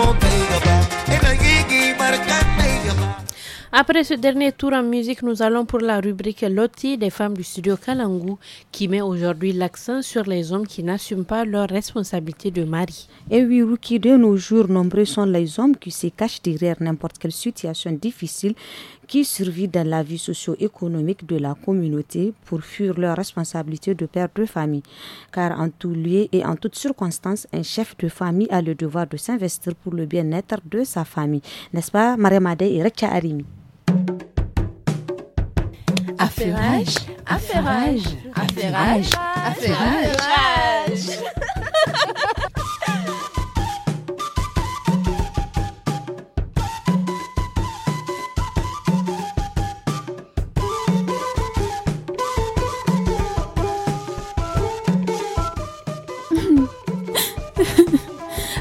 Après ce dernier tour en musique, nous allons pour la rubrique Loti des femmes du studio Kalangu qui met aujourd'hui l'accent sur les hommes qui n'assument pas leur responsabilité de mari. Et oui, Ruki, de nos jours, nombreux sont les hommes qui se cachent derrière n'importe quelle situation difficile qui survit dans la vie socio-économique de la communauté pour fuir leur responsabilité de père de famille. Car en tout lieu et en toute circonstance, un chef de famille a le devoir de s'investir pour le bien-être de sa famille. N'est-ce pas, Mariamade et Rekia Arimi? Affairage, affairage, affairage, affairage.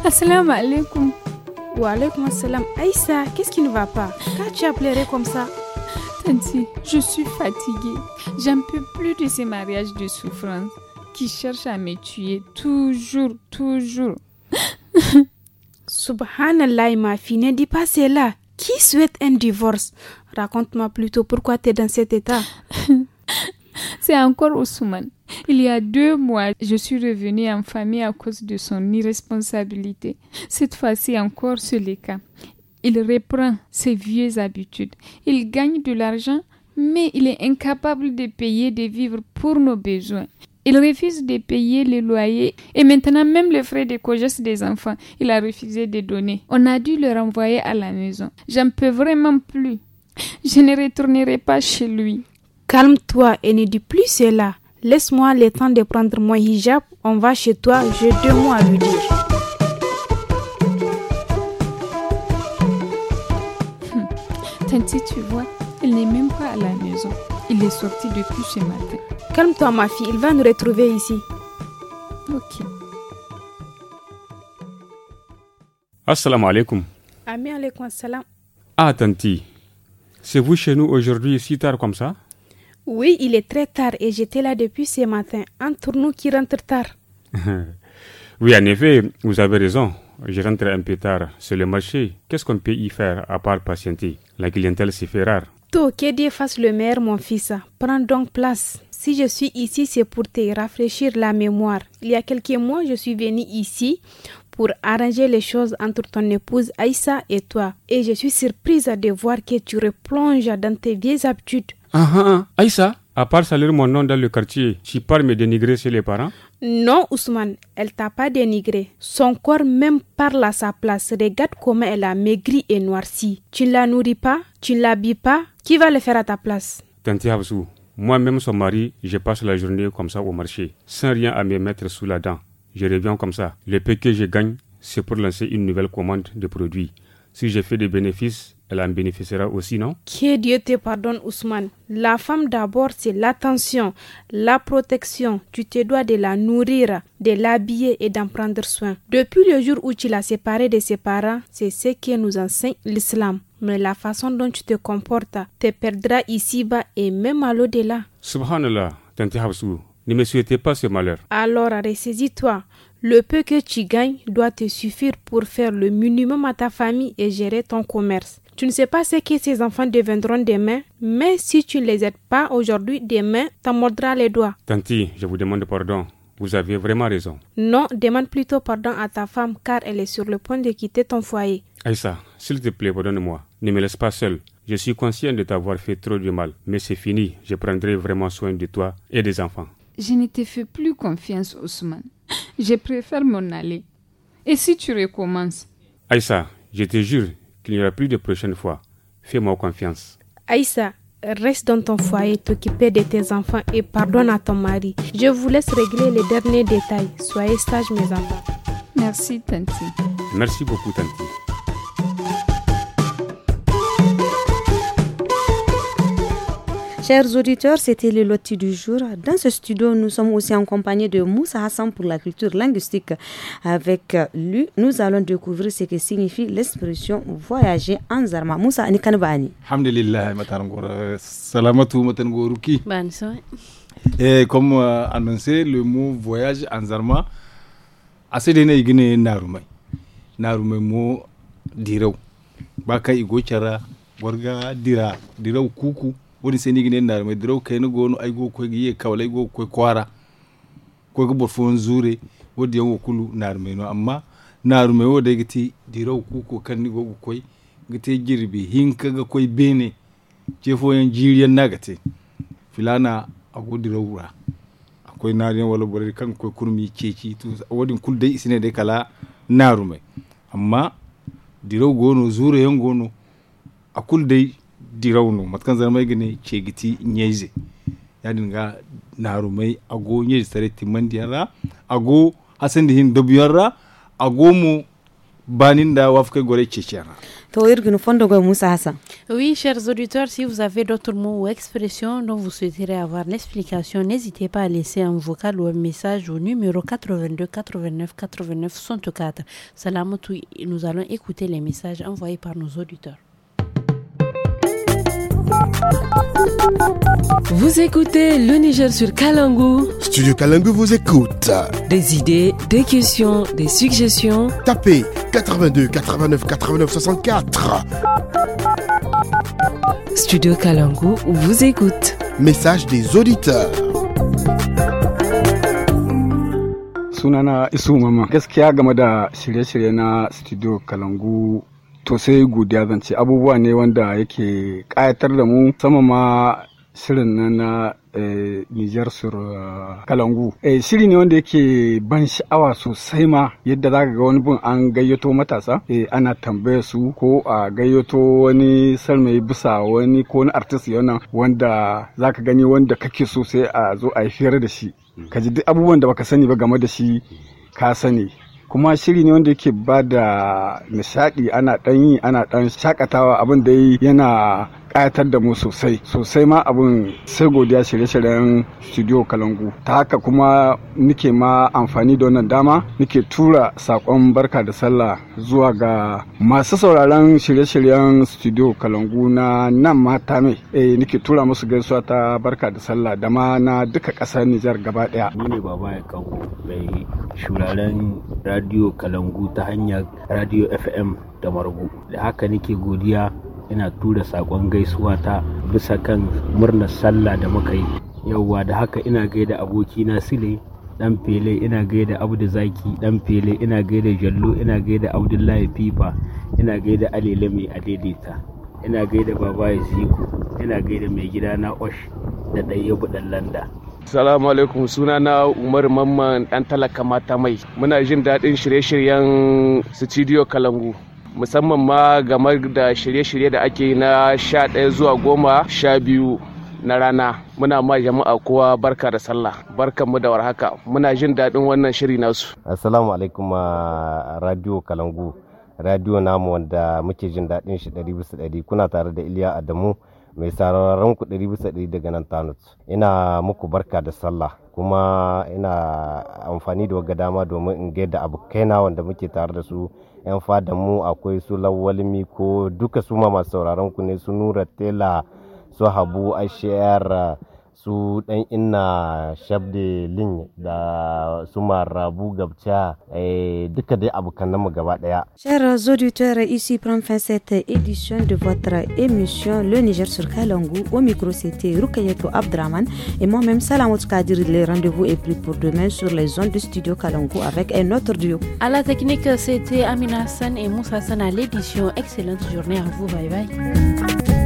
Assalamu alaikum. Wa alaikum assalam. Aïssa, qu'est-ce qui ne va pas Quand tu as pleuré comme ça je suis fatiguée. J'en peux plus de ces mariages de souffrance qui cherchent à me tuer toujours, toujours. Subhanallah, ma fille, ne dis pas cela. Qui souhaite un divorce Raconte-moi plutôt pourquoi tu es dans cet état. C'est encore Ousmane. Il y a deux mois, je suis revenue en famille à cause de son irresponsabilité. Cette fois-ci encore, c'est le il reprend ses vieilles habitudes. Il gagne de l'argent, mais il est incapable de payer des vivres pour nos besoins. Il refuse de payer les loyers et maintenant même les frais de cogesse des enfants, il a refusé de donner. On a dû le renvoyer à la maison. J'en peux vraiment plus. Je ne retournerai pas chez lui. Calme-toi et ne dis plus cela. Laisse-moi le temps de prendre mon hijab. On va chez toi. J'ai deux mois à lui Tanti, tu vois, il n'est même pas à la maison. Il est sorti depuis ce matin. Calme-toi, ma fille, il va nous retrouver ici. Ok. Assalamu alaikum. Ami alaikum assalam. Ah, Tanti, c'est vous chez nous aujourd'hui si tard comme ça Oui, il est très tard et j'étais là depuis ce matin. Un nous qui rentre tard. oui, en effet, vous avez raison je rentre un peu tard sur le marché. Qu'est-ce qu'on peut y faire à part patienter La clientèle s'y fait rare. qu'est-ce que Dieu fasse le maire, mon fils. Prends donc place. Si je suis ici, c'est pour te rafraîchir la mémoire. Il y a quelques mois, je suis venu ici pour arranger les choses entre ton épouse Aïssa et toi. Et je suis surprise de voir que tu replonges dans tes vieilles habitudes. Ah ah, ah. Aïssa, à part saluer mon nom dans le quartier, tu pars me dénigrer chez les parents non, Ousmane, elle t'a pas dénigré. Son corps même parle à sa place. Regarde comment elle a maigri et noirci. Tu ne la nourris pas, tu ne l'habilles pas. Qui va le faire à ta place Tante moi-même son mari, je passe la journée comme ça au marché, sans rien à me mettre sous la dent. Je reviens comme ça. Le peu que je gagne, c'est pour lancer une nouvelle commande de produits. Si je fais des bénéfices, elle en bénéficiera aussi, non Que Dieu te pardonne, Ousmane. La femme d'abord, c'est l'attention, la protection. Tu te dois de la nourrir, de l'habiller et d'en prendre soin. Depuis le jour où tu l'as séparée de ses parents, c'est ce que nous enseigne l'islam. Mais la façon dont tu te comportes te perdra ici-bas et même à l'au-delà. Subhanallah, ne me souhaitez pas ce malheur. Alors, ressaisis-toi. Le peu que tu gagnes doit te suffire pour faire le minimum à ta famille et gérer ton commerce. Tu ne sais pas ce que ces enfants deviendront demain, mais si tu ne les aides pas aujourd'hui, demain, t'en mordras les doigts. Tanti, je vous demande pardon. Vous avez vraiment raison. Non, demande plutôt pardon à ta femme car elle est sur le point de quitter ton foyer. Aïssa, s'il te plaît, pardonne-moi. Ne me laisse pas seul. Je suis conscient de t'avoir fait trop de mal, mais c'est fini. Je prendrai vraiment soin de toi et des enfants. Je ne te fais plus confiance, Ousmane. Je préfère m'en aller. Et si tu recommences Aïssa, je te jure, qu'il n'y aura plus de prochaine fois. Fais-moi confiance. Aïssa, reste dans ton foyer, t'occuper de tes enfants et pardonne à ton mari. Je vous laisse régler les derniers détails. Soyez sage, mes enfants. Merci, Tanti. Merci beaucoup, Tanti. Chers auditeurs, c'était le loti du jour. Dans ce studio, nous sommes aussi en compagnie de Moussa Hassan pour la culture linguistique. Avec lui, nous allons découvrir ce que signifie l'expression voyager en Zarma. Moussa, ni kanbani. Alhamdulillah, Salamatu matarangouruki. Et comme euh, annoncé, le mot voyage en Zarma, assez na naigine narumai. Narumai mot un Baka igochara, borga dira, dirau kuku. woni seni gine nar mai diraw kai no gono ay go ko giye kawlay go ko kwara ko go bor fon zure wodi yango kulu nar mai no amma nar mai wodi giti diraw ku ko kan ni go ko gite girbi hinka ga koi bene jefo yan jiriyan nagate filana a go dirawra akwai nariyan wala borari kan koi kurmi ceci to wadin kul dai isine dai kala naru mai amma diraw gono zure yan gono a kul dai chegiti Oui, chers auditeurs, si vous avez d'autres mots ou expressions dont vous souhaiterez avoir l'explication, n'hésitez pas à laisser un vocal ou un message au numéro 82 89 89 64. nous allons écouter les messages envoyés par nos auditeurs. Vous écoutez le Niger sur Kalangu. Studio Kalangu vous écoute. Des idées, des questions, des suggestions. Tapez 82 89 89 64. Studio Kalangu vous écoute. Message des auditeurs. sunana isu mama gaskiya game da shirye-shirye na studio kalangu to sai godiya zan abubuwa ne wanda yake ƙayatar da mu sama ma shirin na na eh, Nijar sur eh, Kalangu. Eh, shiri ne wanda yake ban sha'awa sosai ma yadda za ga wani bin an gayyato matasa ana tambaya su ko a gayyato wani sarmai bisa wani ko wani artist yana wanda za ka gani wanda kake so sai a zo a yi fiyar da shi. Ka ji duk abubuwan da baka sani ba game da shi ka sani. kuma shiri ne wanda yake ba da nishaɗi ana ɗan yi ana ɗan shakatawa abin da yana ƙayatar da mu sosai sosai ma abin sai godiya shirye-shiryen studio kalangu ta haka kuma nike ma amfani da wannan dama nike tura saƙon barka da sallah zuwa ga masu sauraron shirye-shiryen studio kalangu na nan mata mai e, nike tura musu gaisuwa ta barka da sallah da ma na duka ƙasar Nijar gaba ɗaya. ne baba ya kawo mai shuraren radio kalangu ta hanyar radio FM da margu da haka nike godiya ina tura saƙon gaisuwa ta bisa kan murnar sallah da muka yi yauwa da haka ina gaida abokina sile dan fele ina gaida abdu zaki dan fele ina gaida jallo ina gaida abdullahi fifa ina gaida alele mai adaidaita ina gaida baba ziku ina gaida mai gida na osh da ɗaya ɗan landa Salamu alaikum suna na Umar Mamman ɗan talaka mata mai. Muna jin daɗin shirye-shiryen Studio Kalangu. musamman ma game da shirye-shirye da ake na sha ɗaya zuwa goma sha biyu na rana muna ma jama'a kowa barka da sallah barkan mu da warhaka muna jin daɗin wannan shiri nasu assalamu alaikum uh, radio kalangu radio namu wanda muke jin daɗin shi ɗari bisa ɗari kuna tare da iliya adamu mai sararin ku ɗari bisa ɗari daga nan tanut ina muku barka da sallah kuma ina amfani da waga dama domin in gaida abokaina wanda muke tare da su 'yan fadamu mu akwai su lawalmi ko duka su ma masu sauraron ku ne su nura tela su habu ashiyar lin eh, Chers auditeurs, ici prend fin cette édition de votre émission Le Niger sur Kalangu. Au micro, c'était Rukayeto Abdraman et moi-même Salamot Kadir. Les rendez-vous est pris pour demain sur les zones de studio Kalangu avec un autre duo. À la technique, c'était Amina San et Moussa San à l'édition. Excellente journée à vous. Bye bye.